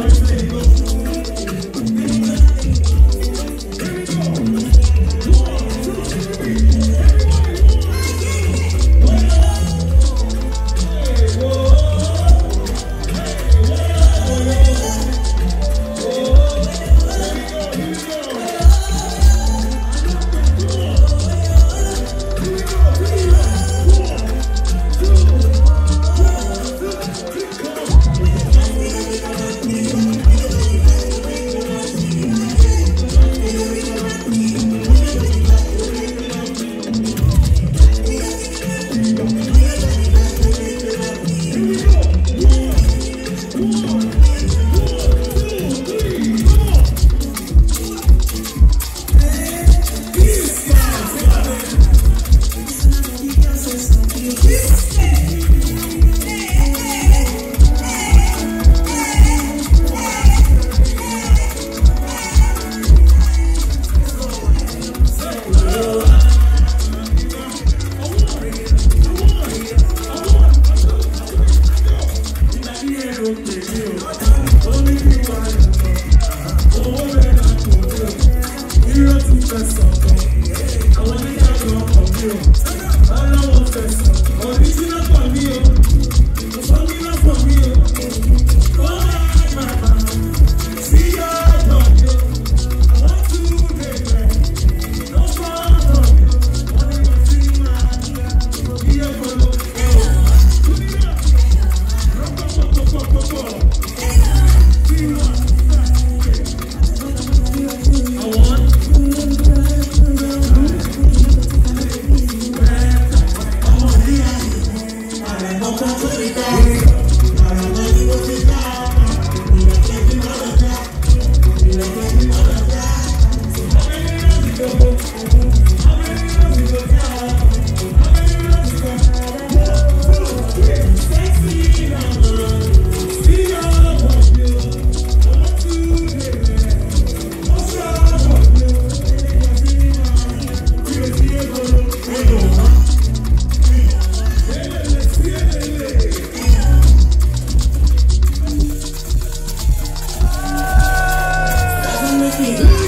¡Gracias! Sweet.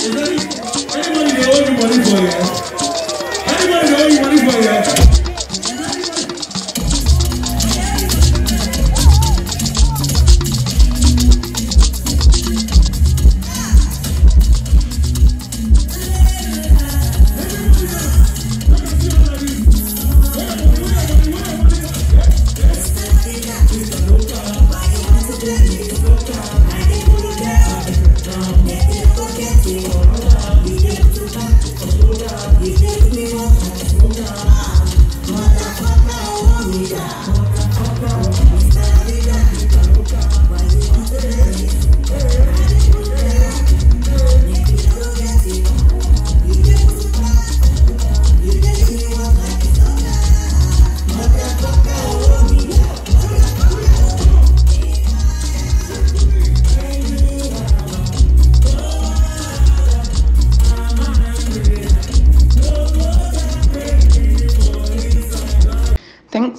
Is everybody, everybody there? Everybody playing.